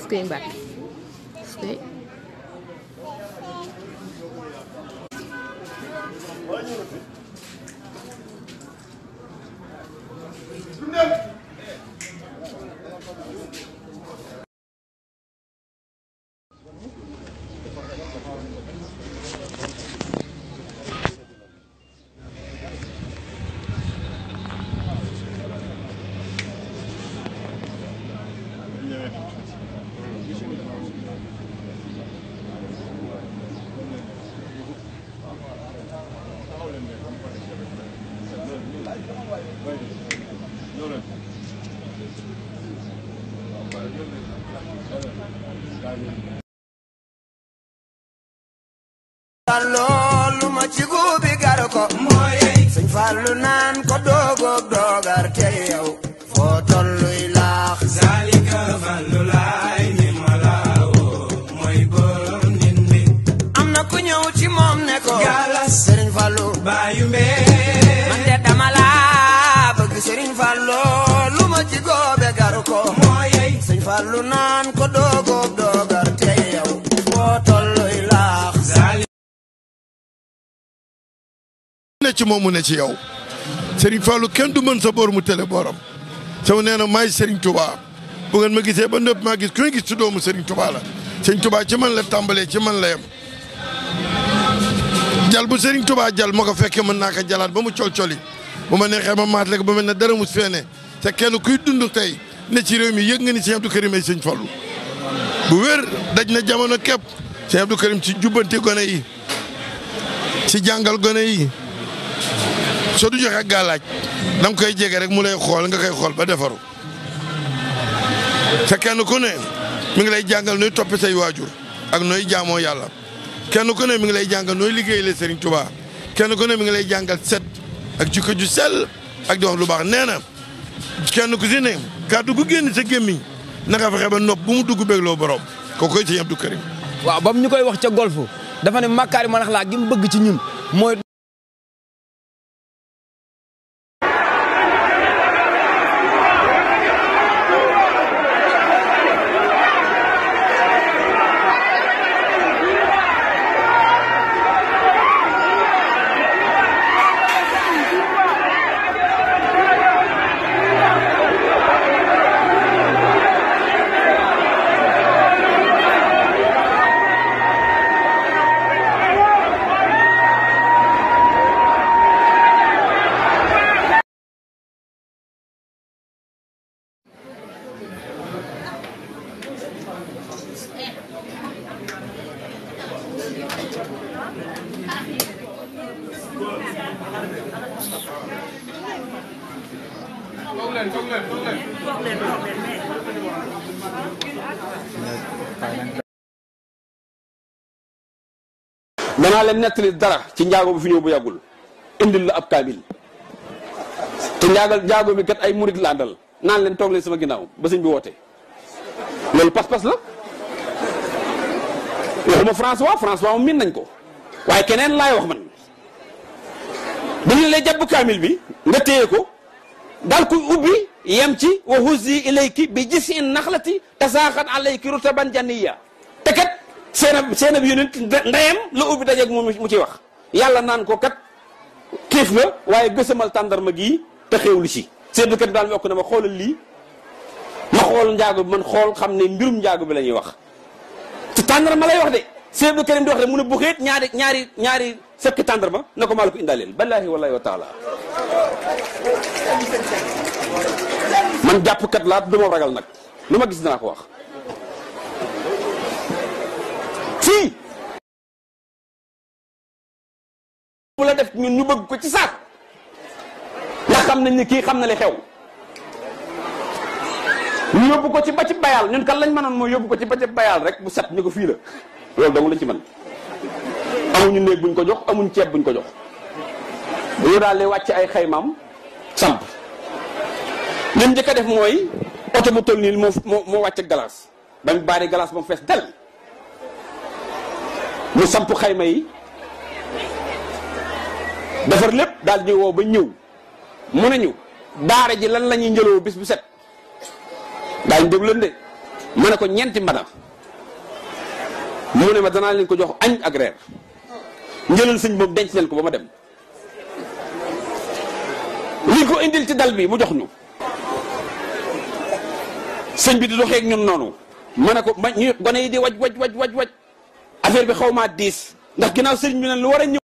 Stay back. Stay. Stay. loolu ma ci guubi gar ko mooy Fallu naan ko doogoog doogar te yow foo laax zalika fallu laay ni malawoo mooy borom nit am na ku ñëw ci moom ne ko galas sëriñ Fallu baayu mbee man de dama bëgg sëriñ Fallu lu ma ci góobe gar ko mooy Fallu naan ko doogo ci moom mu ne ci yow sëriñ Fallou kenn du mën sa boor mu tële booram sama nee na maay sëriñ Touba bu ngeen ma gisee ba nëpp maa gis ku ne gis ci doomu Serigne Touba la Serigne Touba ci man la tàmbalee ci man la yem jal bu Serigne Touba jal ma ko fekkee mën naa ko jalaat ba mu col-coli bu ma neexee ma maat lekk ba mel ne dara mus feene te kenn kuy dund tey ne ci réew mi yëg nga ni Serigne Abdou Karim ay Serigne Fallou bu wér daj na jamono képp Serigne Abdou Karim ci jubbanti gone yi jàngal gone soo du joxe ak gàllaaj da koy jege rek mu lay xool nga koy xool ba defaru te kenn ku ne mu ngi lay jàngal nooy toppi say waajur ak nooy jaamoo yàlla kenn ku ne mu ngi lay jàngal nooy liggéey le Serigne Touba kenn ku ne mi ngi lay jàngal set ak jikko ju sell ak di wax lu baax nee na kenn ku si ne kàddu gu génn sa gémmiñ naka fexe ba nopp bu mu dugg bégloo borom kooku koy Serigne Abdou Karim waaw ba mu ñu koy wax ca golfu dafa ne ma nax laa gi mu danaa leen nettali dara ci njaago bi fi ñëw bu yàggul indil la ab kaamil te njaagal njaago bi kat ay murit la àndal naan leen toog leen sama ginnaaw ba sëñ bi woote loolu pas-pas la waxuma François François moom miin nañ ko waaye keneen laay wax man bu ñu lay jàpp kaamil bi nga téye ko daal koy ubbi yem ci wa huzzi ilayki bi gis in naxlati tasaaxan alayki rutaban janiya te kat seen seen ab yonent la ubbi dajeeg moom mu ci wax yàlla naan ko kat xiif nga waaye gësamal tàndarma gii te xéewlu ci seetlukat bi daal yokk na ma xoolal lii ma xool njaago bi man xool xam ne mbirum njaago bi lañuy wax te tàndarma lay wax de sëñ Abdou Karim mu ne bu xeet ñaari ñaari ñaari sekk tàndarma na ko maa la ko indaaleel ballaahi wallaahi wa taala man jàppkat laa du ma ragal nag lu ma gis naa ko wax fii la def ñun ñu bëgg ko ci saak ndax nañ ni kii xam na li xew ñu yóbbu ko ci ba ci bayal ñun kal lañ mënoon mooy yóbbu ko ci ba ci bayal rek bu set ñu ko fii la loolu dong la ci mën amuñu néeg buñ ko jox amuñ ceeb buñ ko jox ñu daal di wàcc ay xaymaam samp lim njëkk a def mooy oto bu toll nii moo moo moo wàcc glace ba mu baari glace ba mu fees del mu samp xayma yi defar lépp daal di woo ba ñëw mu nañu daara ji lan la ñuy njëloo bis bu set daañu déglu leen de ma ne ko ñeenti mbana mu ne ma danaa leen ko jox añ ak reer njëlal sëñ boobu denc leen ko ba ma dem liñ ko indil ci dal bi mu jox ñu sëñ bi di doxeek ñun noonu ma ne ko ma ñu gone yi waj waj waj waj waj bi xaw maa diis ndax gi ginnaaw sëriñ bi ne lu war a ñëw